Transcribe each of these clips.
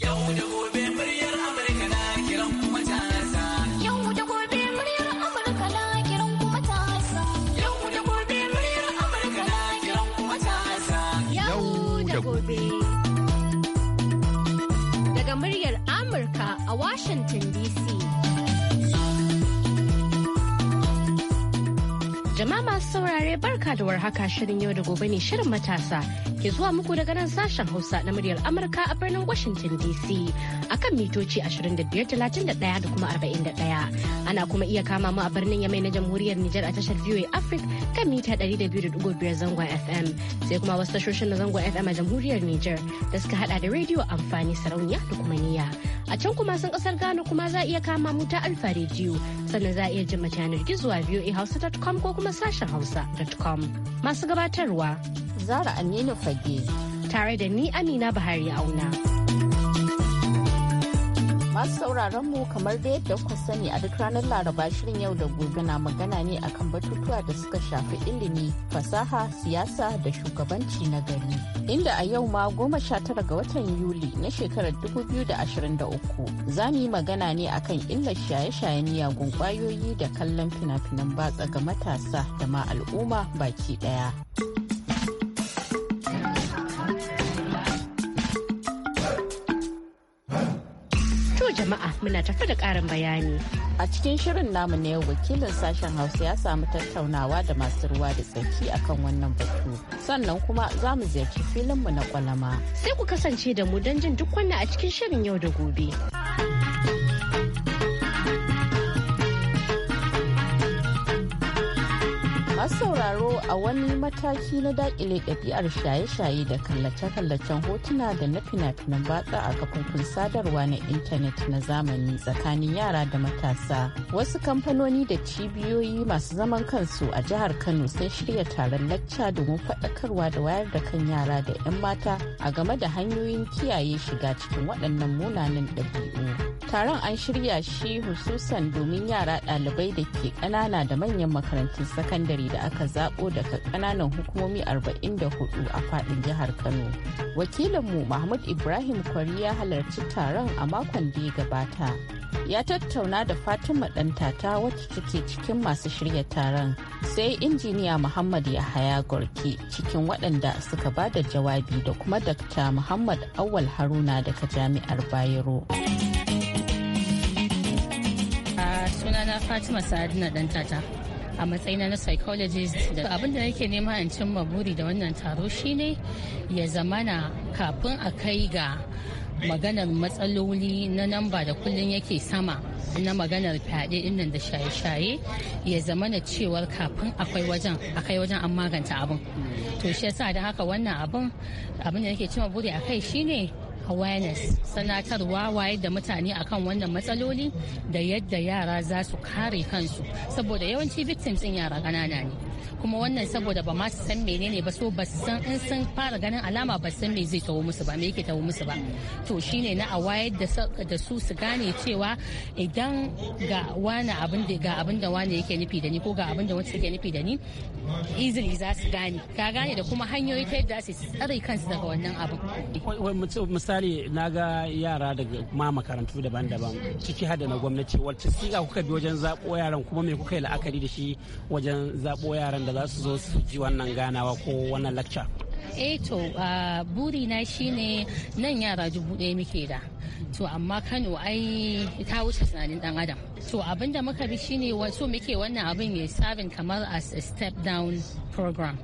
da gobe muryar Amurka na kiran da gobe muryar Amurka na kiran da gobe muryar Amurka na kiran da gobe. Daga muryar Amurka a Washington DC. Jama'a masu saurare barka da warhaka shirin yau da gobe ne shirin matasa ke zuwa muku daga nan sashen Hausa na muryar Amurka a birnin Washington DC akan mitoci 2531 da kuma 41. Ana kuma iya kama mu a birnin Yamai na Jamhuriyar Nijar a tashar VOA Africa kan mita 200.5 zangon FM sai kuma wasu tashoshin na zangon FM a Jamhuriyar Nijar da suka hada da rediyo amfani sarauniya da kuma niya. A can kuma sun kasar Ghana kuma za a iya kama mu ta Alfa rediyo sannan za a iya jin mata yanar gizo a voahausa.com ko kuma sashen hausa.com. Masu gabatarwa. Zara Aminu Fage. Tare da ni Amina Buhari Auna. Masu sauraron mu kamar da yadda kuka sani a duk ranar Laraba shirin yau da gobe na magana ne akan batutuwa da suka shafi ilimi, fasaha, siyasa da shugabanci na gari. Inda a yau ma goma sha tara ga watan Yuli na shekarar da ashirin 2023 za mu yi magana ne akan illar shaye-shayen miyagun kwayoyi da kallon fina-finan batsa ga matasa da ma al'umma baki daya. jama'a muna tafa da ƙarin bayani. A cikin shirin namu na yau wakilin sashen Hausa ya samu tattaunawa da masu ruwa da tsaki akan wannan batu. Sannan kuma za mu ziyarci mu na kwalama. Sai ku kasance da mu don jin duk wannan a cikin shirin yau da gobe. masu sauraro a wani mataki na dakile ɗabi'ar shaye-shaye da kallace-kallacen hotuna da na fina-finan batsa a kafofin sadarwa na intanet na zamani tsakanin yara da matasa wasu kamfanoni da cibiyoyi masu zaman kansu a jihar kano sun shirya taron lacca domin faɗakarwa da wayar da kan yara da 'yan mata a game da hanyoyin kiyaye shiga cikin waɗannan munanan ɗabi'u taron an shirya shi hususan domin yara dalibai da ke kanana da manyan makarantun sakandare da aka zaɓo daga kananan hukumomi 44 a fadin jihar kano wakilinmu mahmud ibrahim kwari ya halarci taron a makon da ya gabata ya tattauna da fatima ɗantata wacce take cikin masu shirya taron sai injiniya muhammad ya haya gorki cikin waɗanda suka ba da jawabi da kuma dakta muhammad awal haruna daga jami'ar bayero. suna na fatima sadina dan tata a matsayina na psychologist da abin da nake nema in cimma buri da wannan taro shine ya zamana kafin a kai ga maganar matsaloli na namba da kullun yake sama na maganar fyaɗe nan da shaye-shaye ya zama na cewar kafin akwai wajen akai wajen an maganta abin to shi yasa da haka wannan abin abin da nake cewa buri a kai shine awareness sanatarwa waye da mutane akan wannan matsaloli da yadda yara za su kare kansu saboda yawanci victims din yara ƙanana ne kuma wannan saboda ba ma su san menene ba so ba san in sun fara ganin alama ba san me zai tawo musu ba me yake tawo musu ba to shine na a wayar da su su gane cewa idan ga wani abin da ga abin da wani yake nufi da ni ko ga abin da wani yake nufi da ni easily za su gane ka gane da kuma hanyoyi ta yadda su tsare kansu daga wannan abin misali na ga yara daga ma makarantu daban-daban ciki hada na gwamnati wacce siga kuka bi wajen zabo yaran kuma me kuka yi la'akari da shi wajen zabo yaran yaran da za su zo su ji wannan ganawa ko wannan lacca. eh to ah, buri na shine nan yara dubu ɗaya muke da to amma kano ai ta wuce tunanin dan adam to abin da muka bi shine so muke wannan abin ya sabin kamar as a step down program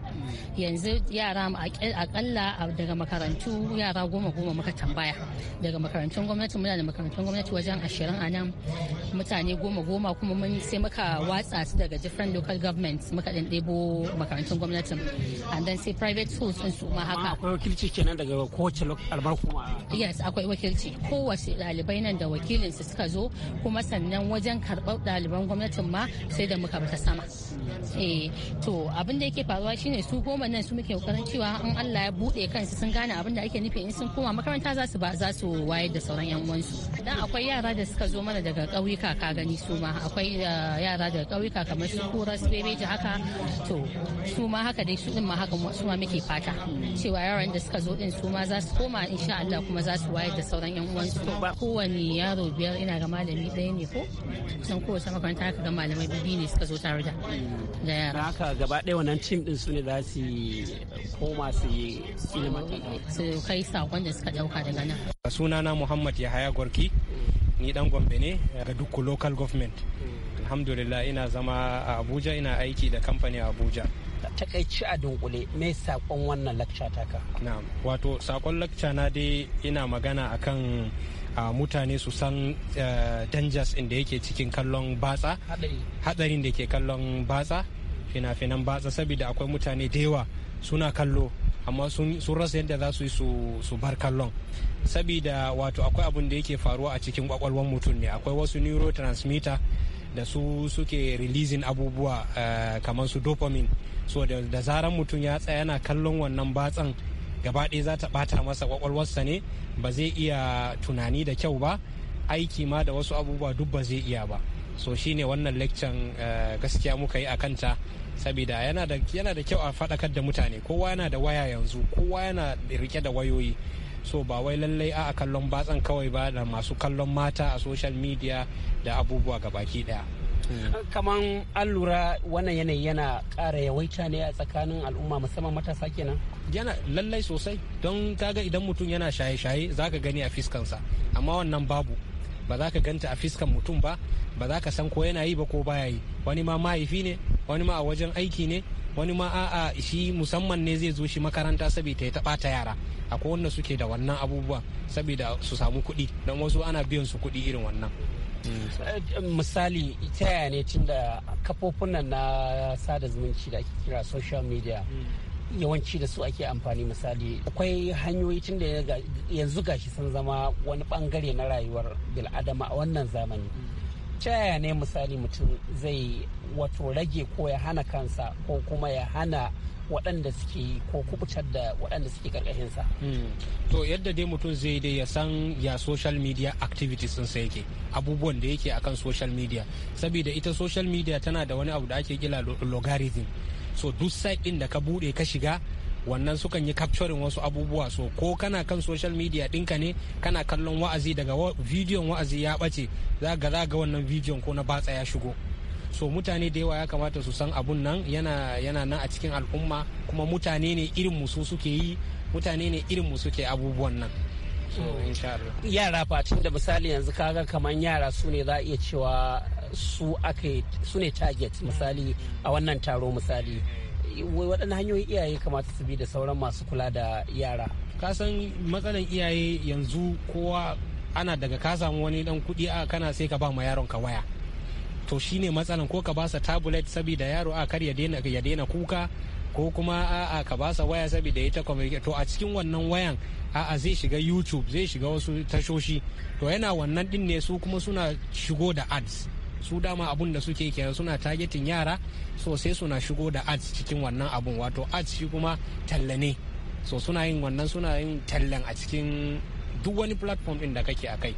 yanzu yara akalla daga makarantu yara goma goma muka tambaya daga makarantun gwamnati muna da makarantun gwamnati wajen ashirin a nan mutane goma goma kuma mun sai muka watsa su daga different local governments muka dan ɗebo makarantun gwamnatin and then sai private schools sun su ma haka akwai wakilci kenan daga kowace albar kuma yes akwai wakilci kowace dalibai nan da wakilinsu suka zo kuma sannan wajen karɓar ɗaliban gwamnatin ma sai da muka bata sama eh to abin da yake faruwa shine su goma nan su muke kokarin cewa in Allah ya bude kansu sun gane abin da ake nufi in sun koma makaranta za su ba za su wayar da sauran yan uwansu dan akwai yara da suka zo mana daga ƙauyuka ka gani su ma akwai eh, yara daga ƙauyuka kamar su kura su bebeji haka to su ma haka dai su din ma haka su ma muke fata cewa yaran da suka zo din su ma za su koma insha Allah kuma za su wayar da sauran yan uwansu ba kowane yaro biyar ina ga malami ɗaya ne ko kusan kowace makaranta aka ga malamai biyu ne suka zo tare da da yara haka gaba ɗaya wannan tim din su ne za su koma su yi su kai sakon da suka ɗauka daga nan sunana muhammad yahaya gorki ni dan gombe ne ga dukku local government alhamdulillah ina zama a abuja ina aiki da kamfani a abuja takaici a dunkule me sakon wannan lakca taka na'am wato sakon lakcha na dai ina magana akan mutane su san eh, dangers inda yake cikin kallon batsa hadarin da ke kallon batsa fina-finan batsa saboda akwai mutane da yawa suna kallo amma sun rasa yadda za su yi su bar kallon saboda wato akwai abin da yake faruwa a cikin kwakwalwar mutum ne akwai wasu neurotransmitter da su suke releasing abubuwa eh, kamar su dopamine so da zaran mutum ya tsaya yana kallon wannan batsan gaba ɗaya za ta ɓata masa kwakwalwarsa ne ba zai iya tunani da kyau ba aiki ma da wasu abubuwa duk ba zai iya ba so shi ne wannan leccan eh, gaskiya muka yi a kanta saboda yana da kyau a faɗakar da mutane kowa yana da waya yanzu kowa yana rike da wayoyi so ba wai lallai a kallon batsan kawai ba da masu kallon mata a social media da abubuwa gabaki ɗaya. kaman an lura wannan yanayi yana kara yawaita ne a tsakanin al'umma musamman matasa kenan yana lallai sosai don kaga idan mutum yana shaye-shaye za ka gani a fiskansa amma wannan babu ba za ka ganta a fiskan mutum ba ba za ka san ko yana yi ba ko baya yi wani ma mahaifi ne wani ma a wajen aiki ne wani ma a'a shi musamman ne zai zo shi makaranta saboda ya taɓa ta yara akwai wanda suke da wannan abubuwa saboda su samu kuɗi don wasu ana biyan su kuɗi irin wannan Eh, misali ta yaya ne tun da kafofin na sada zumunci da ake kira social media yawanci da su ake amfani misali akwai hanyoyi tun da yanzu gashi sun zama wani bangare na rayuwar bil'adama a wannan zamani ta yaya ne misali mutum zai wato rage ko ya hana kansa ko kuma ya hana waɗanda suke ko kubutar da waɗanda suke ƙarƙashinsa. Hmm. to yadda dai mutum zai dai ya san ya social media activities sun sai yake abubuwan da yake akan social media saboda ita social media tana da wani abu da ake kila logarithm so duk site ɗin da ka buɗe ka shiga wannan sukan yi capturing wasu abubuwa so ko kana kan social media ɗinka ne kana kallon wa'azi daga bidiyon wa'azi ya ɓace za ga za ga wannan bidiyon ko na batsa ya shigo so mutane da yawa ya kamata su san abun nan yana yana nan a cikin al'umma kuma mutane ne irin mu su suke yi mutane ne irin mu suke abubuwan nan so mm. insha Allah yara fatin da misali yanzu kaga kaman yara su ne za iya cewa su aka su ne target misali a wannan taro misali wadannan hanyoyin iyaye kamata su bi da sauran masu kula da yara ka san matsalan iyaye yanzu kowa ana daga ka samu wani dan kuɗi a kana sai ka ba ma yaron ka waya to shine matsalan ko ka basa tabulet saboda yaro a kar ya daina kuka ko kuma a'a ka basa waya saboda ita communication to a cikin wannan wayan a'a zai shiga youtube zai shiga wasu tashoshi to yana wannan din ne su kuma suna shigo da ads su dama abun da suke kenan suna targeting yara so sai suna shigo da ads cikin wannan abun wato ads shi kuma tallane ne so suna yin wannan suna yin tallan a cikin duk wani platform din da kake akai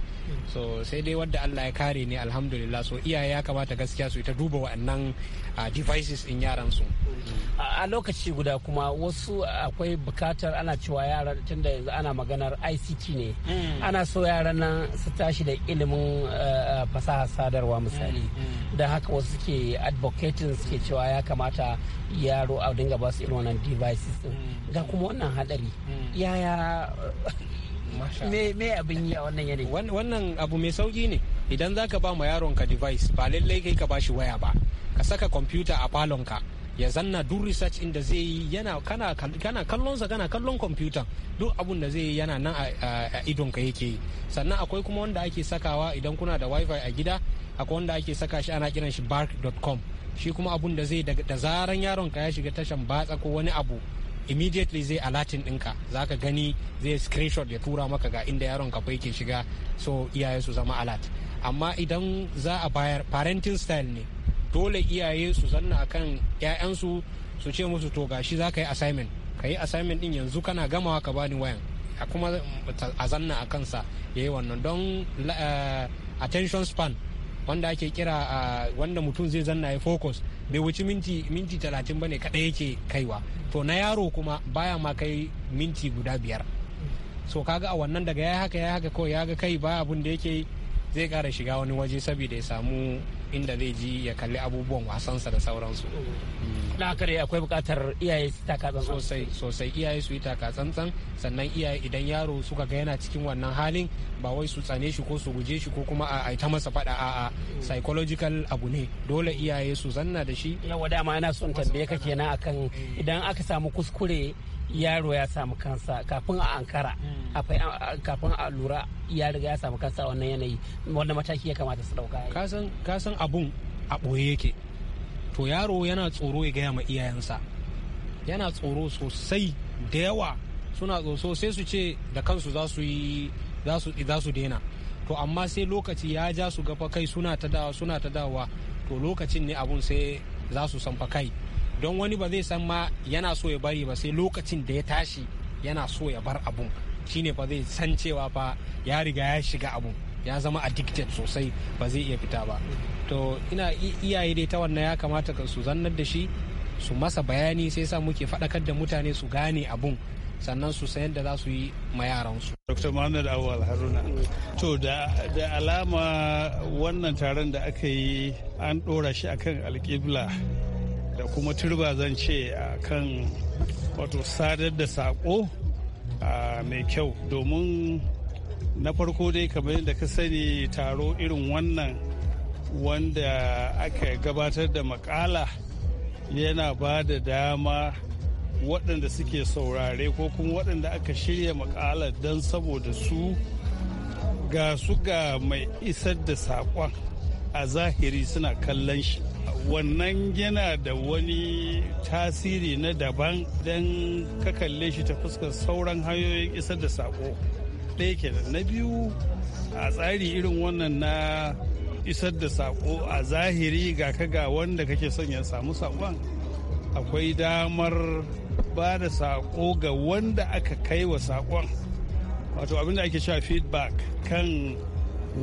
so sai dai wadda Allah ya kare ne alhamdulillah so iyaye ya kamata gaskiya su ita duba wa'annan ah, devices in yaran su a lokaci guda kuma wasu akwai bukatar ana cewa tun tunda yanzu ana maganar ICT ne hmm. ana so yaran nan su tashi da ilimin eh, eh, fasaha sadarwa misali hmm, hmm. don haka wasu suke advocating suke cewa ya kamata yaro a dinga ba su irin wannan devices ga kuma wannan hadari yaya me abin yi a wannan yanayi wannan abu mai sauki ne idan za ka ba ma yaron ka device ba lallai kai ka bashi waya ba ka saka computer a ka ya zanna duk research inda zai yi yana kana kallon sa kana kallon computer duk abun da zai yi yana nan a idon ka yake yi sannan akwai kuma wanda ake sakawa idan kuna da wifi a gida akwai wanda ake saka shi ana kiran shi bark.com shi kuma abun da zai da zaran yaron ka ya shiga tashan batsa ko wani abu immediately zai alatin ɗinka za ka gani zai screenshot ya tura maka ga inda yaron ka ke shiga so iyaye su zama alat amma idan za a bayar parenting style ne dole iyaye su zanna akan 'ya'yansu su ce musu to gashi za ka yi assignment ka yi assignment din yanzu kana gamawa ka bani wayan a kuma a zanna a kansa ya yi wannan don eh, attention span wanda ake kira eh, wanda mutum zai zanna ya focus bai wuci minti minti talatin bane kaɗai yake kaiwa to na yaro kuma baya ma kai minti guda biyar so kaga a wannan daga ya haka ya haka ko ya ga kai ba abun da yake zai kara shiga wani waje saboda ya samu inda zai ji ya kalli abubuwan wasansa da sauransu la'akari mm. akwai bukatar iyaye su taka tsantsan sosai iyaye su yi taka tsantsan sannan iyaye idan yaro suka ga yana cikin wannan halin ba wai su tsane shi ko su guje shi ko kuma a ta masa fada a psychological abu ne dole iyaye su zanna da shi yawa dama yana son tambaye ka kenan akan mm. idan aka samu kuskure yaro ya samu kansa kafin a ankara hmm. kafin a lura ya riga ya samu kansa wannan yanayi wannan mataki ya kamata su dauka ka san abun a ɓoye yake to yaro yana tsoro ya gaya ma iyayensa yana tsoro sosai da yawa suna tsoro sai su ce da kansu za su yi za su daina to amma sai lokaci ya ja su gafa kai suna ta dawa suna ta dawa to lokacin ne abun sai za su sanfa kai don wani ba zai san ma yana so ya bari ba sai lokacin da ya tashi yana so ya bar abun shine ba zai san cewa fa ya riga ya shiga abun ya zama addicted sosai ba zai iya fita ba to ina iyaye dai ta wannan ya kamata su zannar da shi su masa bayani sai sa muke faɗakar da mutane su gane abun sannan su sayar da za su yi ma yaransu. Dr. Muhammad Awal Haruna. To da alama wannan taron da aka yi an ɗora shi akan alƙibla da kuma turba zan ce a kan wato sadar da sako mai kyau domin na farko dai kamar yadda ka sani taro irin wannan wanda aka gabatar da makala yana ba da dama waɗanda suke saurare ko kuma waɗanda aka shirya makala don saboda su ga su ga mai isar da saƙon a zahiri suna kallon shi wannan yana da wani tasiri na daban don ka kalle shi ta fuskar sauran hanyoyin isar da sako ɗaya kenan na biyu a tsari irin wannan na isar da sako a zahiri ga ka ga wanda kake son ya samu sakon akwai damar ba da sako ga wanda aka kai wa sakon wato abinda ake cewa feedback kan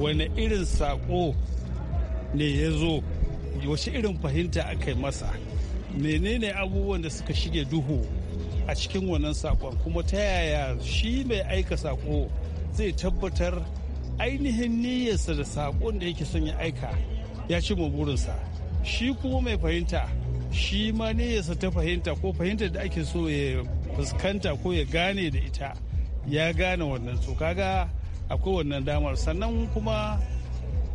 wani irin sako ne ya zo wasu irin fahimta a kai masa menene abubuwan da suka shige duhu a cikin wannan sakon kuma ta yaya shi mai aika sako zai tabbatar ainihin niyyarsa da sakon da yake son ya aika ya ci burinsa shi kuma mai fahimta shi ma niyyarsa ta fahimta ko fahimta da ake so ya fuskanta ko ya gane da ita ya gane wannan to kaga akwai wannan damar sannan kuma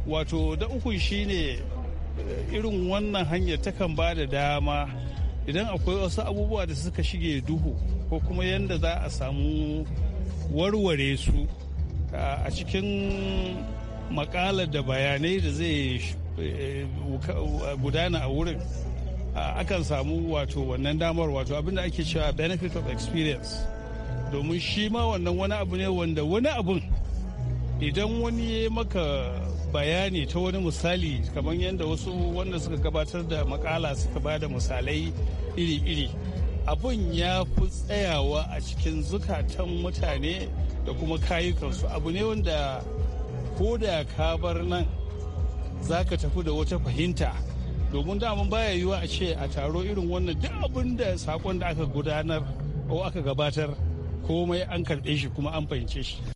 wato da uku shine eh, irin wannan hanyar takan ba da dama idan akwai wasu abubuwa da suka shige duhu ko kuma yadda za a samu warware su a cikin makalar da bayanai da zai eh, gudana a wurin akan samu wato wannan damar wato abinda ake cewa benefit of experience domin shi ma wannan wani abu ne wanda wani abun idan wani ya maka bayani ta wani misali kamar yadda wasu wanda suka gabatar da makala suka ba da misalai iri-iri abun ya fi tsayawa a cikin zukatan mutane da kuma kayukansu abu ne wanda ko da ka bar nan za ka tafi da wata fahimta domin mun baya yiwuwa a ce a taro irin wannan duk abin da sakon da aka gudanar ko aka gabatar komai an karɓe shi kuma an fahimce shi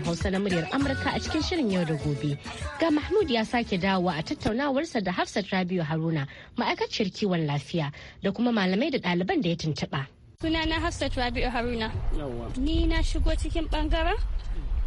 sashen Hausa na muryar Amurka a cikin shirin yau da gobe. Ga Mahmud ya sake dawowa a tattaunawarsa da Hafsat Rabiu Haruna, ma'aikaciyar kiwon lafiya da kuma malamai da ɗaliban da ya tuntuɓa. Sunana Hafsat Rabiu Haruna. Ni na shigo cikin ɓangaren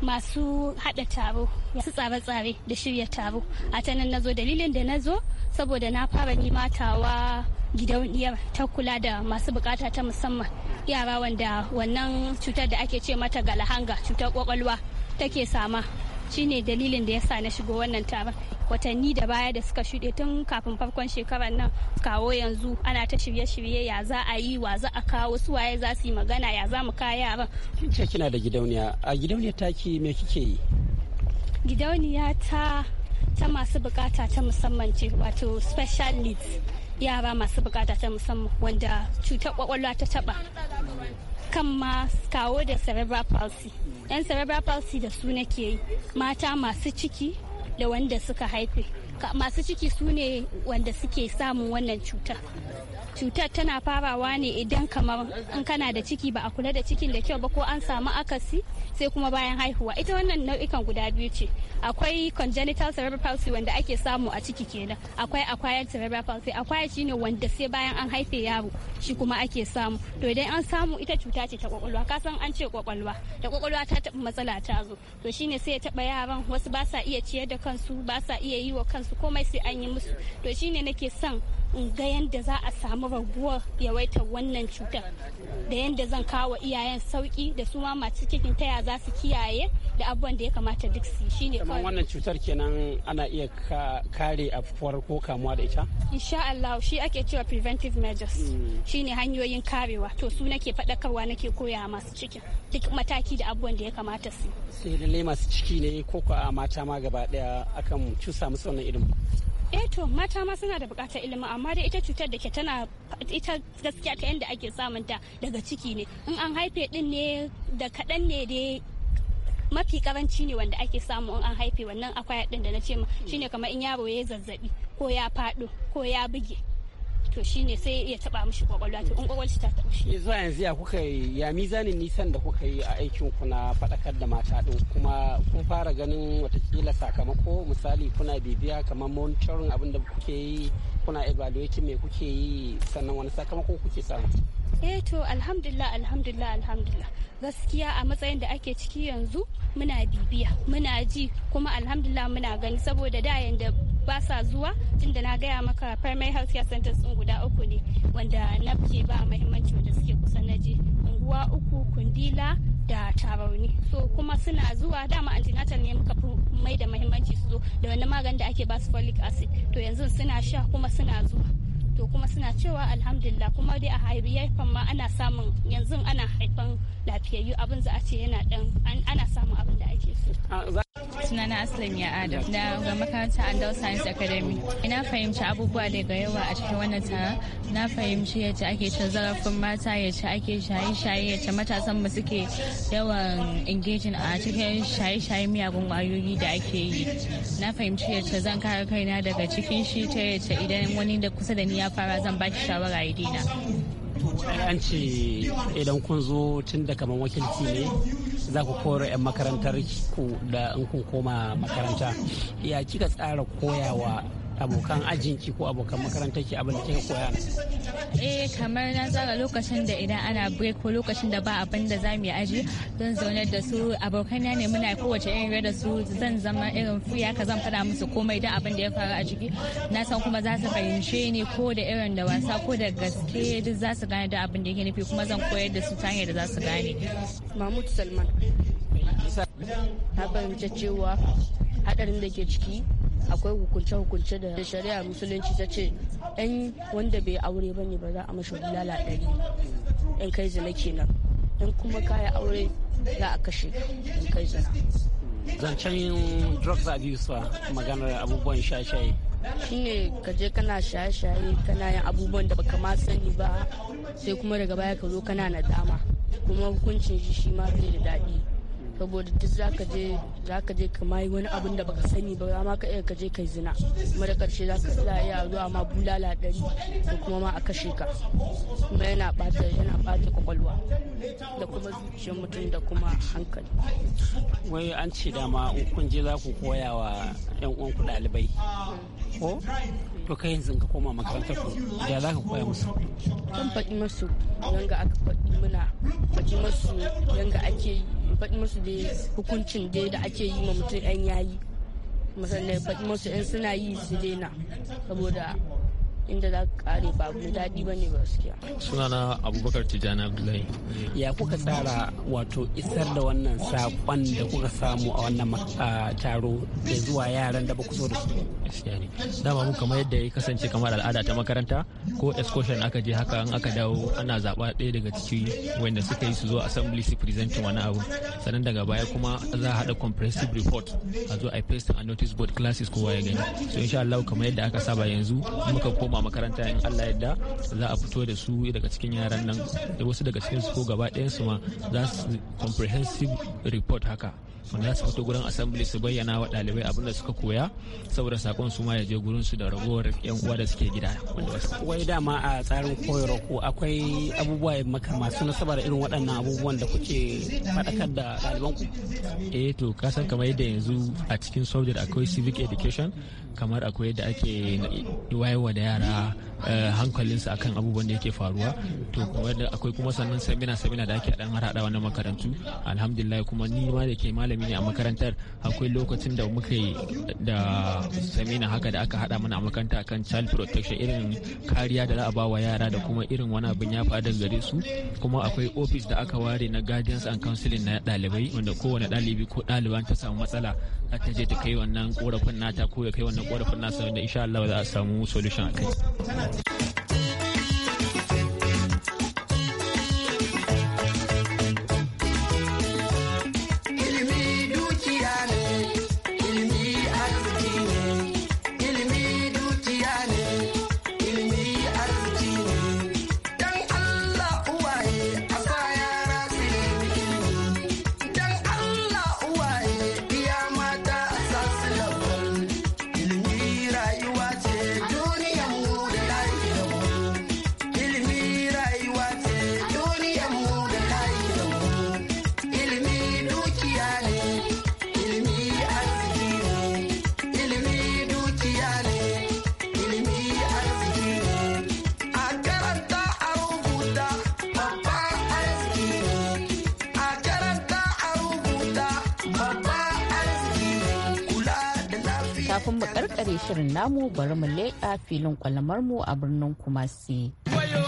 masu haɗa taro su tsare-tsare da shirya taro a ta nan nazo dalilin da nazo saboda na fara nima tawa gidauniyar ta kula da masu bukata ta musamman yara wanda wannan cutar da ake ce mata galahanga cutar kwakwalwa take sama shine dalilin da ya sa na shigo wannan taron watanni da baya da suka shuɗe tun kafin farkon shekarar nan kawo yanzu ana ta shirye-shirye ya za a yi wa za a kawo su waye za su yi magana ya za mu kaya yaran kin ce kina da gidauniya a gidauniya ta ki me kike yi gidauniya ta ta masu bukata ta musamman ce wato special needs yara masu bukata ta musamman wanda cutar kwakwalwa ta taba kan ma kawo da cerebral palsy yan cerebral palsy da su nake yi mata masu ciki da wanda suka haife masu ciki su ne wanda suke samun wannan cuta cutar tana farawa ne idan kamar in kana da ciki ba a kula da cikin da kyau ba ko an samu akasi sai kuma bayan haihuwa ita wannan nau'ikan guda biyu ce akwai congenital cerebral palsy wanda ake samu a ciki kenan akwai acquired cerebral palsy shi shine wanda sai bayan an haife yaro shi kuma ake samu to idan an samu ita cuta ce ta kwakwalwa ka san an ce kwakwalwa da kwakwalwa ta taba matsala ta zo to shine sai ya taɓa yaran wasu ba sa iya ciyar da kansu ba sa iya yi wa kansu musu komai sai an yi musu to shine nake son in ga yadda za a samu raguwar yawaitar wannan cutar da yadda zan kawo iyayen sauki da su ma masu cikin taya za su kiyaye da abubuwan da ya kamata duk su shi ne kawai. wannan cutar kenan ana iya kare afuwar ko kamuwa da ita insha Allah shi ake cewa preventive measures hmm. shi ne hanyoyin karewa to su nake faɗakarwa nake koya masu cikin duk mataki da abubuwan da ya kamata su sai da masu ciki ne ko a mata ma gaba daya akan cusa musu wannan irin eh to mata ma suna da bukatar ilimi amma dai ita cutar da ke tana ita gaskiya ta yadda ake samun ta daga ciki ne in an haife din ne da kaɗan ne dai mafi karanci ne wanda ake samu in an haife wannan akwai din da na ce ma shine kamar in yaro ya zazzabi ko ya faɗo ko ya buge to shi ne sai ya taba mishi kwakwalwa to in kwakwalwa ta taba shi zuwa yanzu ya kuka yi ya mizanin nisan da kuka yi a aikin ku na faɗakar da mata din kuma kun fara ganin watakila sakamako misali kuna bibiya kamar monitoring abin da kuke yi kuna evaluating me kuke yi sannan wani sakamako kuke samu eh to alhamdulillah alhamdulillah alhamdulillah gaskiya a matsayin da ake ciki yanzu muna bibiya muna ji kuma alhamdulillah muna gani saboda da yanda ba sa zuwa tunda na gaya maka primary health care centers sun guda uku ne wanda na ke ba muhimmanci wanda suke kusa na je unguwa uku kundila da tarauni so kuma suna zuwa dama antenatal ne muka mai da mahimmanci su zo da wani maganin da ake ba su folic acid to yanzu suna sha kuma suna zuwa to kuma suna cewa alhamdulillah kuma dai a haifan ma ana samun yanzu ana haifan lafiyayyu abin za a ce yana dan ana samun abin da ake so ah, sunana aslam ya adam ga makarantar andal science academy ina fahimci abubuwa daga yawa a cikin wannan taron na fahimci yadda ake cin zarafin mata yadda ake shaye-shaye yadda matasan mu suke yawan engaging a cikin shaye-shaye miyagun kwayoyi da ake yi na fahimci yadda zan kare kaina daga cikin shi ta yadda idan wani da kusa da ni ya fara zan ba shi shawara ya an ce idan kun zo tun da kamar wakilci ne za ku koro 'yan makarantar ku da in kun koma makaranta ya kika tsara koyawa abokan ajinki ko abokan makarantar ki abin da kika koya eh kamar na tsara lokacin da idan ana break ko lokacin da ba abin da za mu yi aji zan zaune da su abokan ne muna kowace irin da su zan zama irin fuya ka zan fada musu komai da abin da ya faru a ciki na san kuma za su fahimce ni ko da irin da wasa ko da gaske duk za su gane da abin da yake nufi kuma zan koyar da su ta hanyar da za su gane mahmud salman na fahimci cewa hadarin da ke ciki akwai hukunce-hukunce da shari'a musulunci ta ce yan wanda bai aure bane ba za a mashi bulala ɗari yan kai zina kenan yan kuma kaya aure za a kashe yan kai zina zancen drugs abuse maganar abubuwan shashaye shine ka je kana shaye-shaye kana yin abubuwan da baka ma sani ba sai kuma daga baya ka zo kana nadama kuma hukuncin shi shi ma da daɗi saboda duk zaka je zaka je ka mai wani abin da baka sani ba amma ka iya ka je kai zina kuma da karshe zaka za iya zuwa ma bulala ɗari da kuma ma a kashe ka kuma yana bata yana bata kwakwalwa da kuma zuciyar mutum da kuma hankali wai an ce dama kun je za ku koya wa yan ku ɗalibai ko to kai yanzu ka koma makarantar ku da za ka koya musu kan faɗi masu yanga aka faɗi muna faɗi masu yanga ake yi faɗi musu da hukuncin da da ake yi ma mutum yan yayi musamman faɗi musu yan suna yi su daina saboda inda za ka kare ba mu daɗi ba ne gaskiya. sunana abubakar tijjani abdullahi ya kuka tsara wato isar da wannan saƙon da kuka samu a wannan taro da zuwa yaran da ba ku so da su dama mu kamar yadda ya kasance kamar al'ada ta makaranta ko excursion aka je haka an aka dawo ana zaba ɗaya daga ciki wanda suka yi su zo assembly su present wani abu sannan daga baya kuma za a haɗa comprehensive report a zo a paste a notice board classes kowa ya gani so insha Allah kamar yadda aka saba yanzu muka koma koma makaranta in Allah yadda za a fito da su daga cikin yaran nan da wasu daga cikin su ko gaba ɗayan su ma za su comprehensive report haka wanda za su fito gurin assembly su bayyana wa dalibai abin da suka koya saboda sakon su ma ya je gurin su da ragowar yan uwa da suke gida wai dama a tsarin koyarwa ko akwai abubuwa maka masu nasaba da irin waɗannan abubuwan da kuke faɗakar da ɗaliban ku eh to kasan kamar yadda yanzu a cikin soldier akwai civic education kamar akwai yadda ake wayewa da yara eh, hankalinsu akan abubuwan da yake faruwa to akwai kuma sannan sabina sabina da ake dan harada wannan makarantu alhamdulillah kuma ni ma da ke malami malami a makarantar akwai lokacin da muka yi da samina haka da aka hada mana a makaranta kan child protection irin kariya da za a bawa yara da kuma irin wani abin ya faɗa gare su kuma akwai ofis da aka ware na guardians and counseling na ɗalibai wanda kowane ɗalibi ko ɗaliban ta samu matsala za ta je ta kai wannan korafin nata ko ya kai wannan korafin nasa wanda insha Allah za a samu solution a kai. kare shirin namu bari mu leƙa filin kwalamarmu a birnin Kumasi. Wayo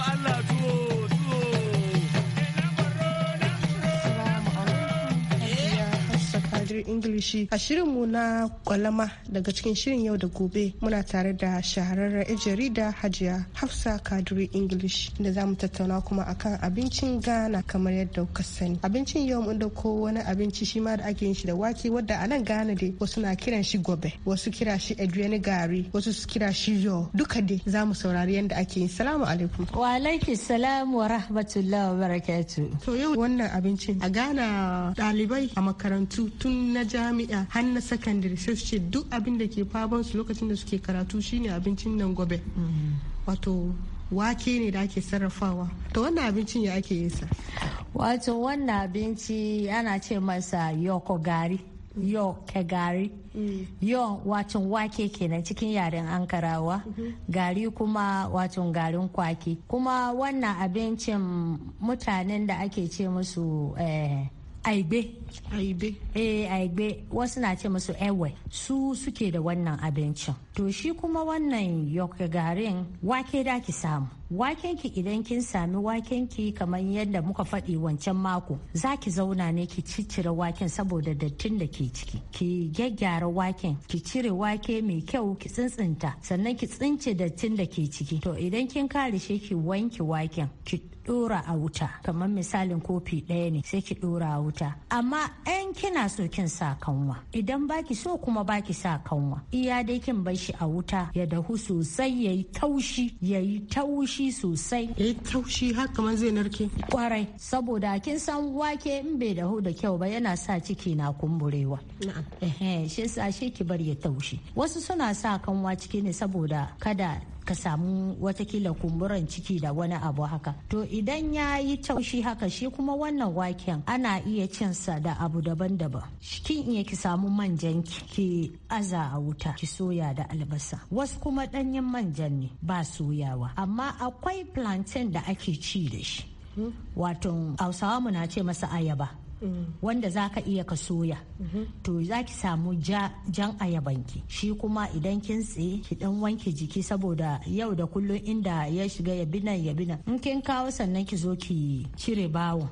shirin ingilishi a shirinmu na kwalama daga cikin shirin yau da gobe muna tare da shahararren yan jarida hajiya hafsa kaduri ingilishi da za mu tattauna kuma akan abincin ghana kamar yadda kuka sani abincin yau mun dauko wani abinci shi ma da ake yin shi da wake wadda a nan ghana dai wasu na kiran shi gobe wasu kira shi Edwin gari wasu su kira shi yo duka dai za mu saurari yadda ake yin salamu alaikum wa alaikum salam wa rahmatullahi wa barakatuh to yau wannan abincin a ghana ɗalibai a makarantu tun na jami'a har na secondary sai su ce duk abin da ke faban su lokacin da suke karatu shine abincin nan gobe mm-hmm. wato wake ne da ake sarrafawa to wannan abincin ya ake yinsa wato wannan abinci ana ce masa yoko gari yo ke gari mm. yo wato wake kenan cikin yaren ankarawa mm-hmm. gari kuma wato garin kwaki kuma wannan abincin mutanen da ake ce musu eh, aibe aibe eh aibe wasu na ce musu ewe su suke da wannan abincin to shi kuma wannan yoke garin wake da ki samu waken ki idan kin sami waken ki kamar yadda muka faɗi wancan mako za ki zauna ne ki ciccire waken saboda dattin da ke ciki ki gyaggyara waken ki cire wake mai kyau ki tsintsinta sannan ki tsince dattin da ke ciki to idan kin kare shi ki wanke waken ki dora a wuta kamar misalin kofi ɗaya ne sai ki dora a wuta amma ɗan kina so kin sa kanwa idan baki so kuma baki sa kanwa iya dai kin bar shi a wuta ya dahu sosai yayi taushi yayi taushi taushi sosai eh taushi har kamar zai narke kwarai saboda kin san wake in bai dahu da kyau ba yana sa ciki na kumburewa na'am eh shi sa shi ki bar ya taushi wasu suna sa kanwa ciki ne saboda kada ka samu watakila kumburan ciki da wani abu haka to idan ya yi taushi haka shi kuma wannan waken ana iya cinsa da abu daban-daban kin iya ki samu manjan ki aza a wuta ki soya da albasa wasu kuma ɗanyen manjan ne ba soyawa amma akwai plantain da ake ci da shi hmm. wato hausawa mu na ce masa ayaba wanda za ka iya ka soya to za ki samu jan ayabanki shi kuma idan kin tsaye ki dan wanke jiki saboda yau da kullum inda ya shiga ya binan ya binan in kin kawo sannan ki zo ki cire bawon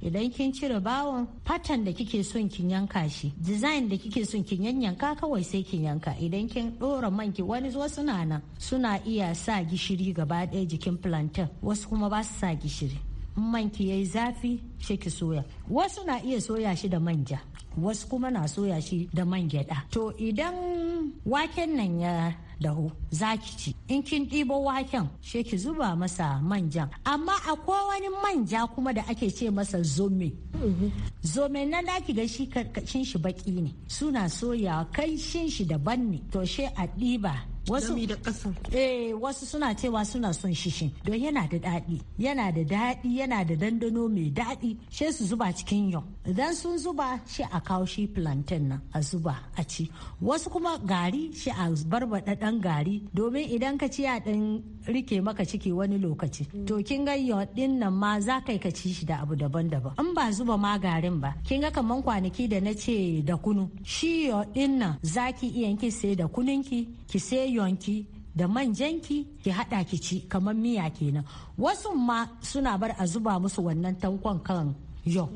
idan kin cire bawon fatan da kike son kin yanka shi design da kike son kin yanyanka kawai sai kin yanka idan kin dora manki wani zo suna nan suna iya sa gishiri gaba ɗaya jikin plantain wasu kuma ba su sa gishiri man ki yayi zafi sai ki soya wasu na iya soya shi da manja wasu kuma na soya shi da man gyada to idan waken nan ya dahu za ki ci in kin ɗibo waken sai ki zuba masa manjan amma akwai wani manja kuma da ake ce masa zome zome nan da ki ga shi karkashin shi baki ne suna soyawa kai shin shi daban ne to sai a ɗiba wasu da ƙasa eh wasu suna cewa suna son shishin don yana da daɗi yana da daɗi yana da dandano mai daɗi she su zuba cikin yau idan sun zuba shi a kawo shi plantain nan a zuba a ci wasu kuma gari shi a barbada ɗan gari domin idan ka ci a ɗan rike maka ciki wani lokaci mm. to kin ga din nan ma za kai ka ci shi da abu daban-daban in ba zuba ma ba kin ga kaman kwanaki da na ce da kunu shi din nan za ki iya ki sai da kununki ki sai yonki da manjanki ki hada ki ci kaman miya kenan wasu ma suna bar a zuba musu wannan tankon kan yo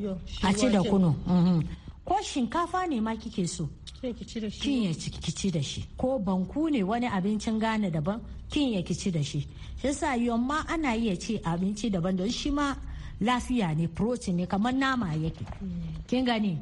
a ci da kunu mhm. ko shinkafa ne ma kike so kin ya kici da shi ko banku ne wani abincin gane daban kin ya kici da shi shi yasa yamma ana iya ce abinci daban don shi ma lafiya ne protein ne kamar nama yake hmm. kin gani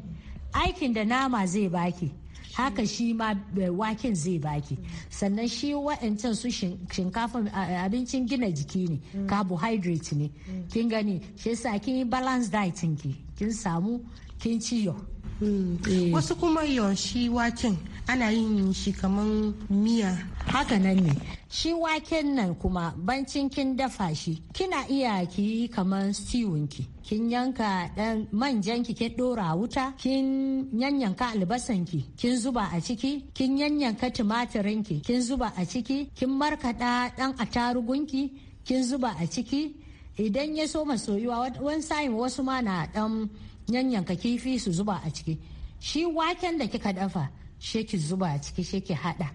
aikin da nama zai baki haka shi ma eh, waken zai baki hmm. sannan shi wa'ancan su shinkafa eh, abincin gina jiki ne hmm. carbohydrate ne kin gani shi yasa kin yi balance diet ki kin samu kin ci yau. Mm, eh. wasu kuma yawanci waken ana yin shi kaman miya haka nan ne shi waken nan kuma bancin kin dafa shi kina iya ki yi kamar stewin ki kin yanka dan manjan ki kin dora wuta kin yanyanka albasan ki kin zuba a ciki kin yanyanka tumatirin ki kin zuba a ciki kin markada dan atarugun ki kin zuba a ciki idan ya soma soyuwa wani sa'in wasu ma na dan yanyanka kifi su zuba a ciki shi waken da kika dafa sheki zuba a ciki sheki hada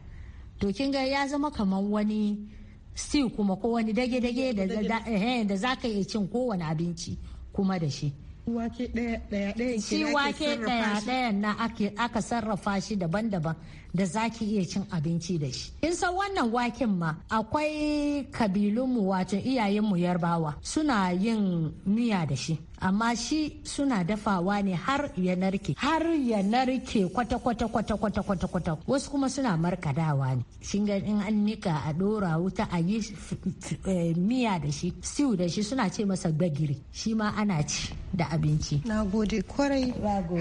to kin ga ya zama kamar wani stew kuma ko wani dage-dage da za eh, ka iya cin kowane abinci kuma da shi wake daya daya shi wake daya daya na aka sarrafa shi daban-daban da za ki iya cin abinci da shi in san wannan waken ma akwai kabilunmu wato iyayenmu yarbawa suna yin miya da shi amma shi suna dafawa ne har ya narke har ya narke kwata kwata kwata kwata kwata kwata wasu kuma suna markadawa ne shin ga in an nika a dora wuta a yi eh, miya da shi siyu da shi suna ce masa gbagiri shi ma ana ci da abinci na gode kwarai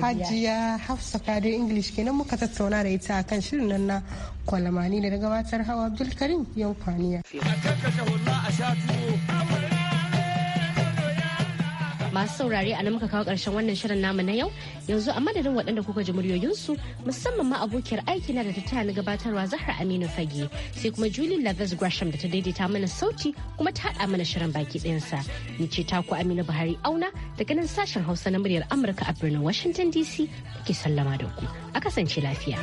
hajiya hafsa kadin english kenan muka tattauna da ita akan shirin nan na kwalamani da na gabatar hawa abdulkarim yau kwaniya. A masu saurare a muka kawo ƙarshen wannan shirin namu na yau yanzu a madadin waɗanda kuka ji muryoyinsu musamman ma abokiyar aiki na da ta taya ni gabatarwa zahra aminu fage sai kuma julie lavis gresham da ta daidaita mana sauti kuma ta haɗa mana shirin baki ɗayansa ni ce taku aminu buhari auna daga nan sashen hausa na muryar amurka a birnin washington dc ke sallama da ku a kasance lafiya.